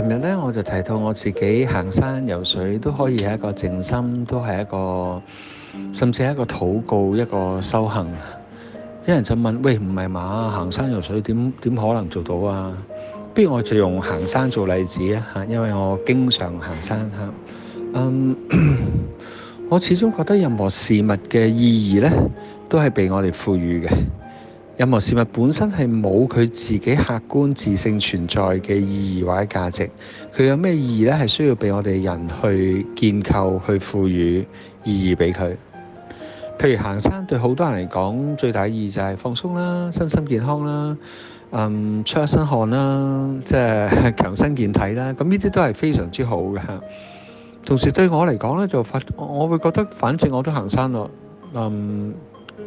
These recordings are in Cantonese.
琴日咧，我就提到我自己行山游水都可以係一個靜心，都係一個甚至係一個禱告、一個修行。有人就問：喂，唔係嘛？行山游水點點可能做到啊？不如我就用行山做例子啊！嚇，因為我經常行山嚇、嗯。 我始終覺得任何事物嘅意義呢，都係被我哋賦予嘅。任何事物本身係冇佢自己客觀自性存在嘅意義或者價值。佢有咩意義咧？係需要俾我哋人去建構、去賦予意義俾佢。譬如行山對好多人嚟講，最大意義就係放鬆啦、身心健康啦、嗯出一身汗啦，即係強身健體啦。咁呢啲都係非常之好嘅。同時對我嚟講咧，就發我會覺得，反正我都行山咯。嗯，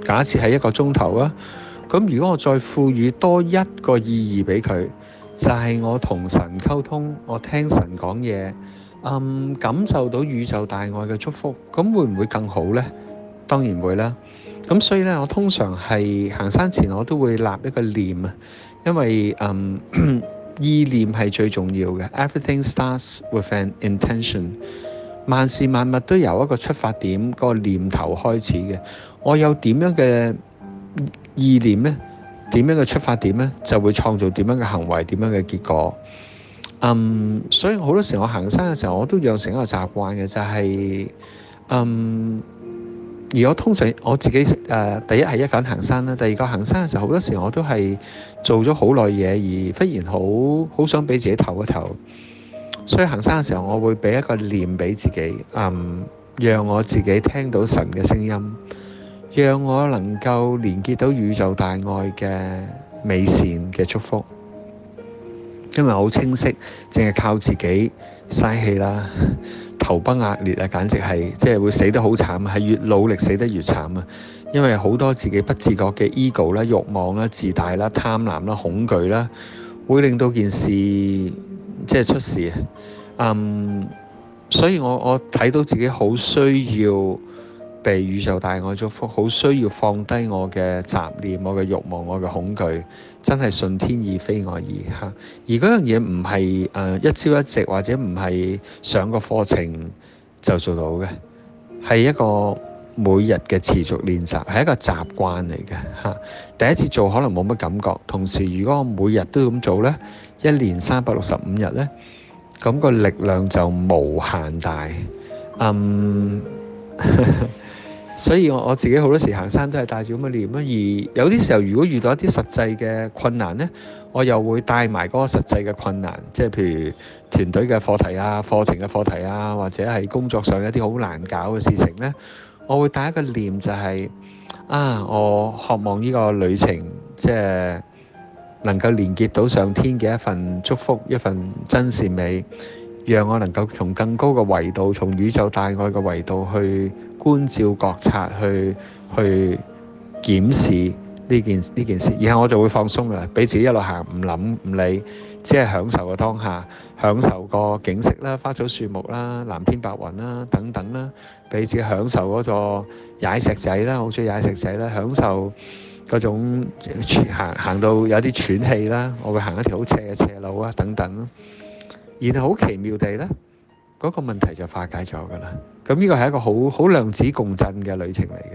假設係一個鐘頭啊。咁如果我再賦予多一個意義俾佢，就係我同神溝通，我聽神講嘢，嗯，感受到宇宙大愛嘅祝福，咁會唔會更好呢？當然會啦。咁所以咧，我通常係行山前，我都會立一個念啊，因為嗯，意念係最重要嘅。Everything starts with an intention，萬事萬物都由一個出發點個念頭開始嘅。我有點樣嘅？意念咧，點樣嘅出發點咧，就會創造點樣嘅行為，點樣嘅結果。嗯，所以好多時我行山嘅時候，我都養成一個習慣嘅，就係、是、嗯。而我通常我自己誒、呃，第一係一個人行山啦，第二個行山嘅時候，好多時候我都係做咗好耐嘢，而忽然好好想俾自己唞一唞。所以行山嘅時候，我會俾一個念俾自己，嗯，讓我自己聽到神嘅聲音。讓我能夠連結到宇宙大愛嘅美善嘅祝福，因為好清晰，淨係靠自己嘥氣啦，頭崩額裂啊，簡直係即係會死得好慘啊，係越努力死得越慘啊，因為好多自己不自覺嘅 ego 啦、慾望啦、自大啦、貪婪啦、恐懼啦，會令到件事即係出事。嗯，um，所以我我睇到自己好需要。被宇宙大愛祝福，好需要放低我嘅雜念、我嘅慾望、我嘅恐懼，真係順天意非我意嚇。而嗰樣嘢唔係誒一朝一夕或者唔係上個課程就做到嘅，係一個每日嘅持續練習，係一個習慣嚟嘅嚇。第一次做可能冇乜感覺，同時如果我每日都咁做呢，一年三百六十五日呢，咁個力量就無限大嗯。 所以我我自己好多時行山都係帶住咁嘅念啊，而有啲時候如果遇到一啲實際嘅困難呢，我又會帶埋嗰個實際嘅困難，即係譬如團隊嘅課題啊、課程嘅課題啊，或者係工作上一啲好難搞嘅事情呢。我會帶一個念就係啊，我渴望呢個旅程即係能夠連結到上天嘅一份祝福，一份真善美。讓我能夠從更高嘅維度，從宇宙大愛嘅維度去觀照、覺察、去去檢視呢件呢件事，以後我就會放鬆啦，俾自己一路行唔諗唔理，只係享受個當下，享受個景色啦、花草樹木啦、藍天白雲啦等等啦，俾自己享受嗰座踩石仔啦，好中意踩石仔啦，享受嗰種行行到有啲喘氣啦，我會行一條好斜嘅斜路啊，等等。然後好奇妙地呢，嗰個問題就化解咗噶啦。咁呢個係一個好好量子共振嘅旅程嚟嘅。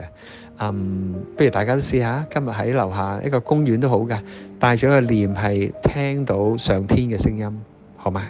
嗯，不如大家都試下，今日喺樓下一個公園都好噶，帶住個念係聽到上天嘅聲音，好嗎？